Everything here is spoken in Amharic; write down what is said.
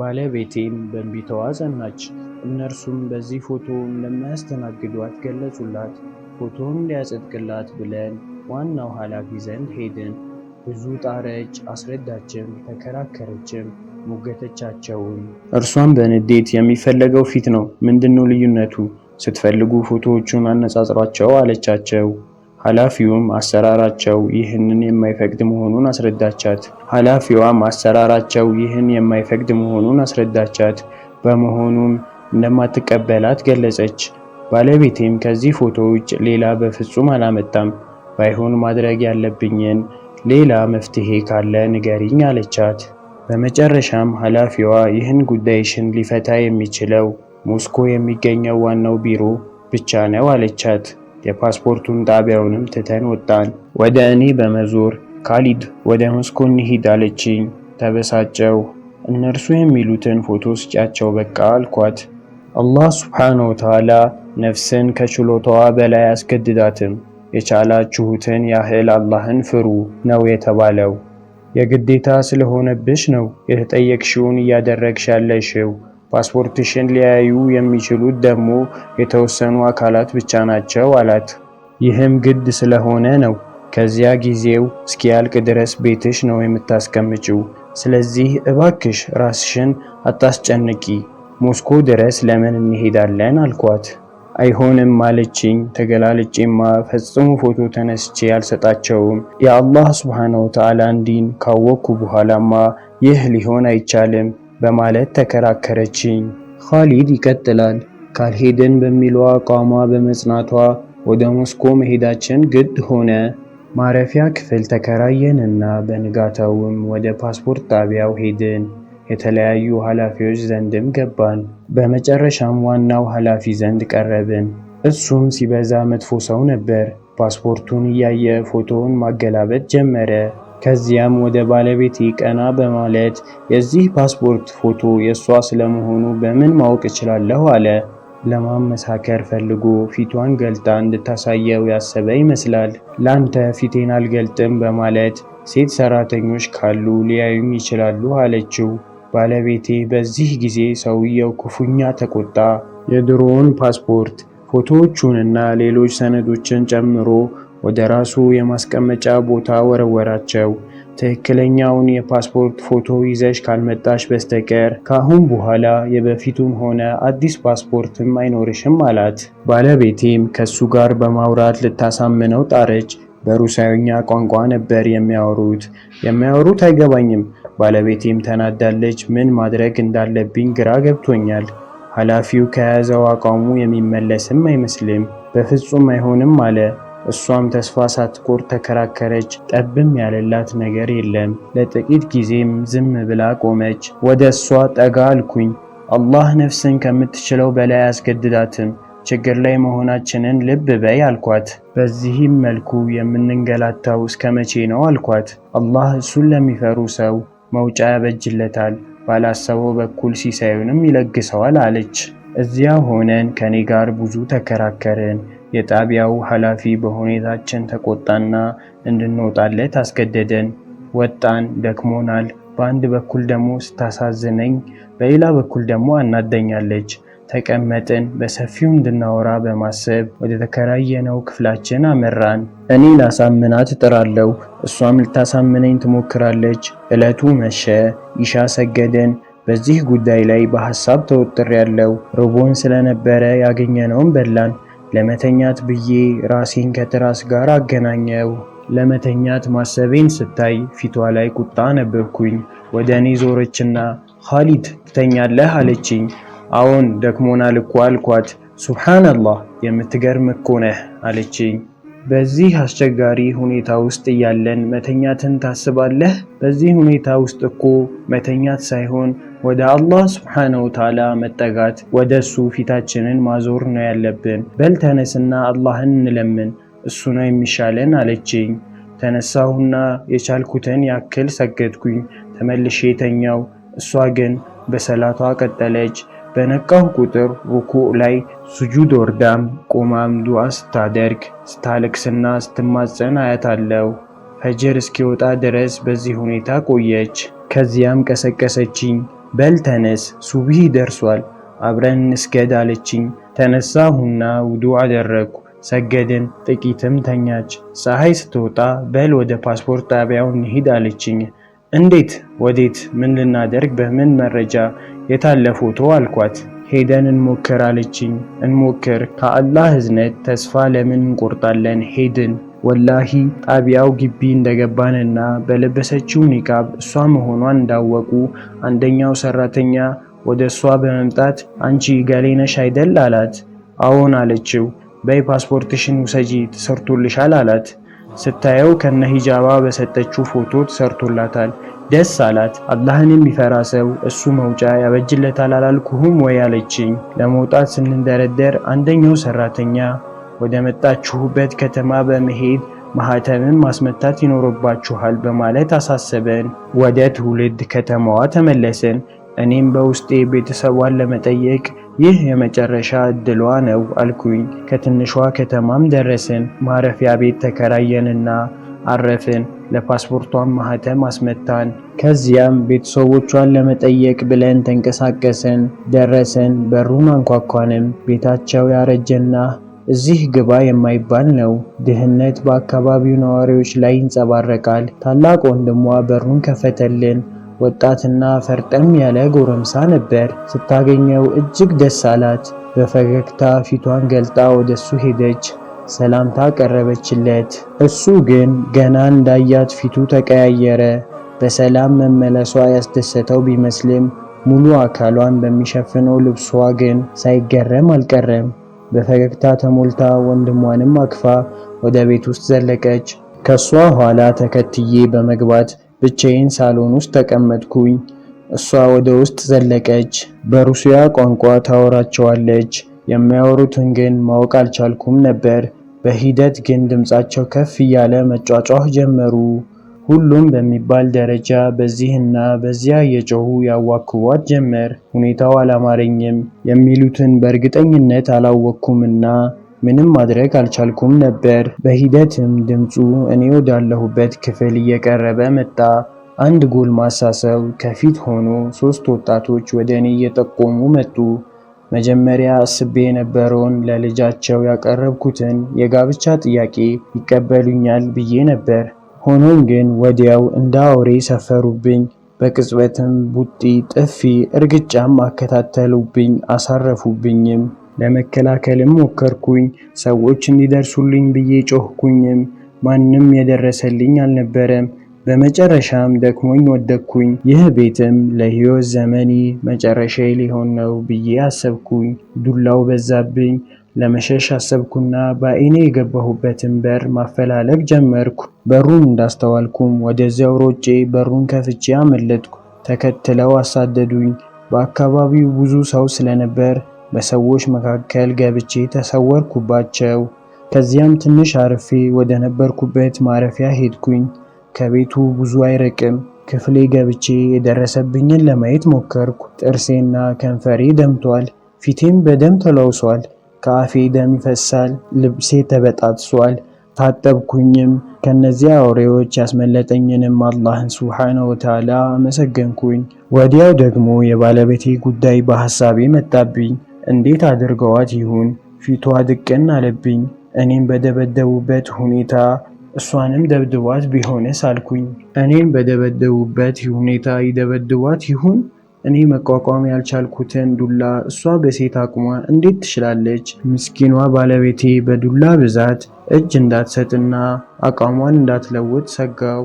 ባለቤቴም በእንቢታዋ ጸናች። እነርሱም በዚህ ፎቶ እንደማያስተናግዷት ገለጹላት። ፎቶውን ሊያጸድቅላት ብለን ዋናው ኃላፊ ዘንድ ሄድን። ብዙ ጣረች፣ አስረዳችም፣ ተከራከረችም፣ ሞገተቻቸውም። እርሷም በንዴት የሚፈለገው ፊት ነው፣ ምንድነው ልዩነቱ? ስትፈልጉ ፎቶዎቹን አነጻጽሯቸው አለቻቸው። ኃላፊውም አሰራራቸው ይህንን የማይፈቅድ መሆኑን አስረዳቻት። ኃላፊዋም አሰራራቸው ይህን የማይፈቅድ መሆኑን አስረዳቻት። በመሆኑም እንደማትቀበላት ገለጸች። ባለቤቴም ከዚህ ፎቶ ውጭ ሌላ በፍጹም አላመጣም፣ ባይሆን ማድረግ ያለብኝን ሌላ መፍትሄ ካለ ንገሪኝ አለቻት። በመጨረሻም ኃላፊዋ ይህን ጉዳይሽን ሊፈታ የሚችለው ሞስኮ የሚገኘው ዋናው ቢሮ ብቻ ነው አለቻት። የፓስፖርቱን ጣቢያውንም ትተን ወጣን። ወደ እኔ በመዞር ካሊድ ወደ ሞስኮ እንሂድ አለችኝ። ተበሳጨው። እነርሱ የሚሉትን ፎቶ ስጫቸው በቃ አልኳት። አላህ ሱብሓነሁ ወተዓላ ነፍስን ከችሎታዋ በላይ አስገድዳትም። የቻላችሁትን ያህል አላህን ፍሩ ነው የተባለው። የግዴታ ስለሆነብሽ ነው የተጠየቅሽውን እያደረግሽ ያለሽው። ፓስፖርትሽን ሊያዩ የሚችሉት ደግሞ የተወሰኑ አካላት ብቻ ናቸው አላት። ይህም ግድ ስለሆነ ነው። ከዚያ ጊዜው እስኪያልቅ ድረስ ቤትሽ ነው የምታስቀምጪው። ስለዚህ እባክሽ ራስሽን አታስጨንቂ። ሞስኮ ድረስ ለምን እንሄዳለን አልኳት። አይሆንም አለችኝ። ተገላልጬማ ፈጽሞ ፎቶ ተነስቼ አልሰጣቸውም። የአላህ ስብሓነ ወተዓላ እንዲን ካወቅኩ በኋላማ ይህ ሊሆን አይቻልም። በማለት ተከራከረችኝ። ኻሊድ ይቀጥላል ካልሄድን በሚለዋ አቋሟ በመጽናቷ ወደ ሞስኮ መሄዳችን ግድ ሆነ። ማረፊያ ክፍል ተከራየንና በንጋታውም ወደ ፓስፖርት ጣቢያው ሄድን። የተለያዩ ኃላፊዎች ዘንድም ገባን። በመጨረሻም ዋናው ኃላፊ ዘንድ ቀረብን። እሱም ሲበዛ መጥፎ ሰው ነበር። ፓስፖርቱን እያየ ፎቶውን ማገላበጥ ጀመረ። ከዚያም ወደ ባለቤት ቀና በማለት የዚህ ፓስፖርት ፎቶ የእሷ ስለመሆኑ በምን ማወቅ እችላለሁ? አለ። ለማመሳከር ፈልጎ ፊቷን ገልጣ እንድታሳየው ያሰበ ይመስላል። ላንተ ፊቴን አልገልጥም በማለት ሴት ሰራተኞች ካሉ ሊያዩኝ ይችላሉ አለችው። ባለቤቴ በዚህ ጊዜ ሰውየው ክፉኛ ተቆጣ። የድሮውን ፓስፖርት ፎቶዎቹንና ሌሎች ሰነዶችን ጨምሮ ወደ ራሱ የማስቀመጫ ቦታ ወረወራቸው። ትክክለኛውን የፓስፖርት ፎቶ ይዘሽ ካልመጣሽ በስተቀር ከአሁን በኋላ የበፊቱም ሆነ አዲስ ፓስፖርትም አይኖርሽም አላት። ባለቤቴም ከሱ ጋር በማውራት ልታሳምነው ጣረች። በሩሳዊኛ ቋንቋ ነበር የሚያወሩት። የሚያወሩት አይገባኝም። ባለቤቴም ተናዳለች። ምን ማድረግ እንዳለብኝ ግራ ገብቶኛል። ኃላፊው ከያዘው አቋሙ የሚመለስም አይመስልም። በፍጹም አይሆንም አለ። እሷም ተስፋ ሳትቆርጥ ተከራከረች። ጠብም ያለላት ነገር የለም። ለጥቂት ጊዜም ዝም ብላ ቆመች። ወደ እሷ ጠጋ አልኩኝ። አላህ ነፍስን ከምትችለው በላይ አያስገድዳትም። ችግር ላይ መሆናችንን ልብ በይ አልኳት። በዚህም መልኩ የምንንገላታው እስከ መቼ ነው አልኳት። አላህ እሱን ለሚፈሩ ሰው መውጫ ያበጅለታል፣ ባላሰበው በኩል ሲሳዩንም ይለግሰዋል አለች። እዚያ ሆነን ከኔ ጋር ብዙ ተከራከርን። የጣቢያው ኃላፊ በሁኔታችን ተቆጣና እንድንወጣለት አስገደደን። ወጣን፣ ደክሞናል። በአንድ በኩል ደግሞ ስታሳዝነኝ፣ በሌላ በኩል ደግሞ አናደኛለች። ተቀመጥን፣ በሰፊው እንድናወራ በማሰብ ወደ ተከራየነው ክፍላችን አመራን። እኔ ላሳምናት እጥራለሁ፣ እሷም ልታሳምነኝ ትሞክራለች። ዕለቱ መሸ፣ ይሻ ሰገድን። በዚህ ጉዳይ ላይ በሐሳብ ተወጥሬያለሁ። ርቦን ስለነበረ ያገኘነውን በላን። ለመተኛት ብዬ ራሴን ከትራስ ጋር አገናኘው። ለመተኛት ማሰቤን ስታይ ፊቷ ላይ ቁጣ ነበብኩኝ። ወደ እኔ ዞረችና ኻሊድ ትተኛለህ አለችኝ። አዎን ደክሞናል እኮ አልኳት። ሱብሓነላህ የምትገርም እኮ ነህ አለችኝ። በዚህ አስቸጋሪ ሁኔታ ውስጥ እያለን መተኛትን ታስባለህ? በዚህ ሁኔታ ውስጥ እኮ መተኛት ሳይሆን ወደ አላህ ስብሓነሁ ተዓላ መጠጋት፣ ወደ እሱ ፊታችንን ማዞር ነው ያለብን። በል ተነስና አላህን እንለምን፣ እሱ ነው የሚሻለን አለችኝ። ተነሳሁና የቻልኩትን ያክል ሰገድኩኝ፣ ተመልሼ ተኛው። እሷ ግን በሰላቷ ቀጠለች። በነቃሁ ቁጥር ሩኩዕ ላይ ሱጁድ ወርዳም ቆማም ዱዓ ስታደርግ ስታለቅስና ስትማጸን አያታለው። ፈጅር እስኪወጣ ድረስ በዚህ ሁኔታ ቆየች። ከዚያም ቀሰቀሰችኝ። በል ተነስ፣ ሱብሂ ደርሷል፣ አብረን እንስገድ አለችኝ። ተነሳሁና ውዱ አደረግኩ። ሰገድን። ጥቂትም ተኛች። ፀሐይ ስትወጣ በል ወደ ፓስፖርት ጣቢያው እንሂድ አለችኝ። እንዴት? ወዴት? ምን ልናደርግ? በምን መረጃ? የታለ ፎቶ አልኳት። ሄደን እንሞክር አለችኝ። እንሞክር። ከአላህ እዝነት ተስፋ ለምን እንቆርጣለን? ሄድን። ወላሂ ጣቢያው ግቢ እንደገባንና በለበሰችው ኒቃብ እሷ መሆኗን እንዳወቁ አንደኛው ሰራተኛ ወደ እሷ በመምጣት አንቺ ገሌነሽ አይደል አላት። አዎን አለችው። በይ ፓስፖርትሽን ውሰጂ፣ ተሰርቶልሻል አላት። ስታየው ከነ ሂጃባ በሰጠችው ፎቶ ተሰርቶላታል። ደስ አላት። አላህን የሚፈራ ሰው እሱ መውጫ ያበጅለታል አላልኩሁም ወይ አለችኝ። ለመውጣት ስንደረደር አንደኛው ሰራተኛ ወደ መጣችሁበት ከተማ በመሄድ ማህተምን ማስመታት ይኖርባችኋል በማለት አሳሰበን። ወደ ትውልድ ከተማዋ ተመለስን። እኔም በውስጤ ቤተሰቧን ለመጠየቅ ይህ የመጨረሻ እድሏ ነው አልኩኝ። ከትንሿ ከተማም ደረስን። ማረፊያ ቤት ተከራየንና አረፍን። ለፓስፖርቷን ማህተም አስመታን። ከዚያም ቤተሰቦቿን ለመጠየቅ ብለን ተንቀሳቀስን። ደረስን፣ በሩን አንኳኳንም። ቤታቸው ያረጀና እዚህ ግባ የማይባል ነው። ድህነት በአካባቢው ነዋሪዎች ላይ ይንጸባረቃል። ታላቅ ወንድሟ በሩን ከፈተልን። ወጣትና ፈርጠም ያለ ጎረምሳ ነበር። ስታገኘው እጅግ ደስ አላት። በፈገግታ ፊቷን ገልጣ ወደሱ ሄደች፣ ሰላምታ ቀረበችለት። እሱ ግን ገና እንዳያት ፊቱ ተቀያየረ። በሰላም መመለሷ ያስደሰተው ቢመስልም ሙሉ አካሏን በሚሸፍነው ልብሷ ግን ሳይገረም አልቀረም። በፈገግታ ተሞልታ ወንድሟንም አቅፋ ወደ ቤት ውስጥ ዘለቀች። ከሷ ኋላ ተከትዬ በመግባት ብቻዬን ሳሎን ውስጥ ተቀመጥኩኝ። እሷ ወደ ውስጥ ዘለቀች፣ በሩሲያ ቋንቋ ታወራቸዋለች። የሚያወሩትን ግን ማወቅ አልቻልኩም ነበር። በሂደት ግን ድምፃቸው ከፍ እያለ መጫጫህ ጀመሩ። ሁሉም በሚባል ደረጃ በዚህና በዚያ እየጮሁ ያዋክቧት ጀመር። ሁኔታው አላማረኝም። የሚሉትን በእርግጠኝነት አላወቅኩምና ምንም ማድረግ አልቻልኩም ነበር። በሂደትም ድምፁ እኔ ወዳለሁበት ክፍል እየቀረበ መጣ። አንድ ጎልማሳ ሰው ከፊት ሆኖ ሶስት ወጣቶች ወደ እኔ እየጠቆሙ መጡ። መጀመሪያ አስቤ የነበረውን ለልጃቸው ያቀረብኩትን የጋብቻ ጥያቄ ይቀበሉኛል ብዬ ነበር። ሆኖም ግን ወዲያው እንደ አውሬ ሰፈሩብኝ። በቅጽበትም ቡጢ፣ ጥፊ፣ እርግጫም አከታተሉብኝ፣ አሳረፉብኝም። ለመከላከልም ሞከርኩኝ። ሰዎች እንዲደርሱልኝ ብዬ ጮህኩኝም፣ ማንም የደረሰልኝ አልነበረም። በመጨረሻም ደክሞኝ ወደኩኝ ይህ ቤትም ለሕይወት ዘመኔ መጨረሻ ሊሆን ነው ብዬ አሰብኩኝ። ዱላው በዛብኝ። ለመሸሽ አሰብኩና በአይኔ የገባሁበትን በር ማፈላለግ ጀመርኩ። በሩን እንዳስተዋልኩም ወደዚያው ሮጬ በሩን ከፍቼ አመለጥኩ። ተከትለው አሳደዱኝ። በአካባቢው ብዙ ሰው ስለነበር በሰዎች መካከል ገብቼ ተሰወርኩባቸው። ከዚያም ትንሽ አርፌ ወደ ነበርኩበት ማረፊያ ሄድኩኝ። ከቤቱ ብዙ አይርቅም። ክፍሌ ገብቼ የደረሰብኝን ለማየት ሞከርኩ። ጥርሴና ከንፈሬ ደምቷል። ፊቴም በደም ተለውሷል። ከአፌ ደም ይፈሳል። ልብሴ ተበጣጥሷል። ታጠብኩኝም። ከነዚያ አውሬዎች ያስመለጠኝንም አላህን ሱብሓነሁ ወተዓላ አመሰገንኩኝ። ወዲያው ደግሞ የባለቤቴ ጉዳይ በሐሳቤ መጣብኝ። እንዴት አድርገዋት ይሁን ፊቷ ድቅን አለብኝ። እኔን በደበደቡበት ሁኔታ እሷንም ደብድቧት ቢሆንስ አልኩኝ። እኔን በደበደቡበት ሁኔታ ይደበድቧት ይሁን? እኔ መቋቋም ያልቻልኩትን ዱላ እሷ በሴት አቅሟ እንዴት ትችላለች? ምስኪኗ ባለቤቴ በዱላ ብዛት እጅ እንዳትሰጥና አቋሟን እንዳትለውጥ ሰጋሁ።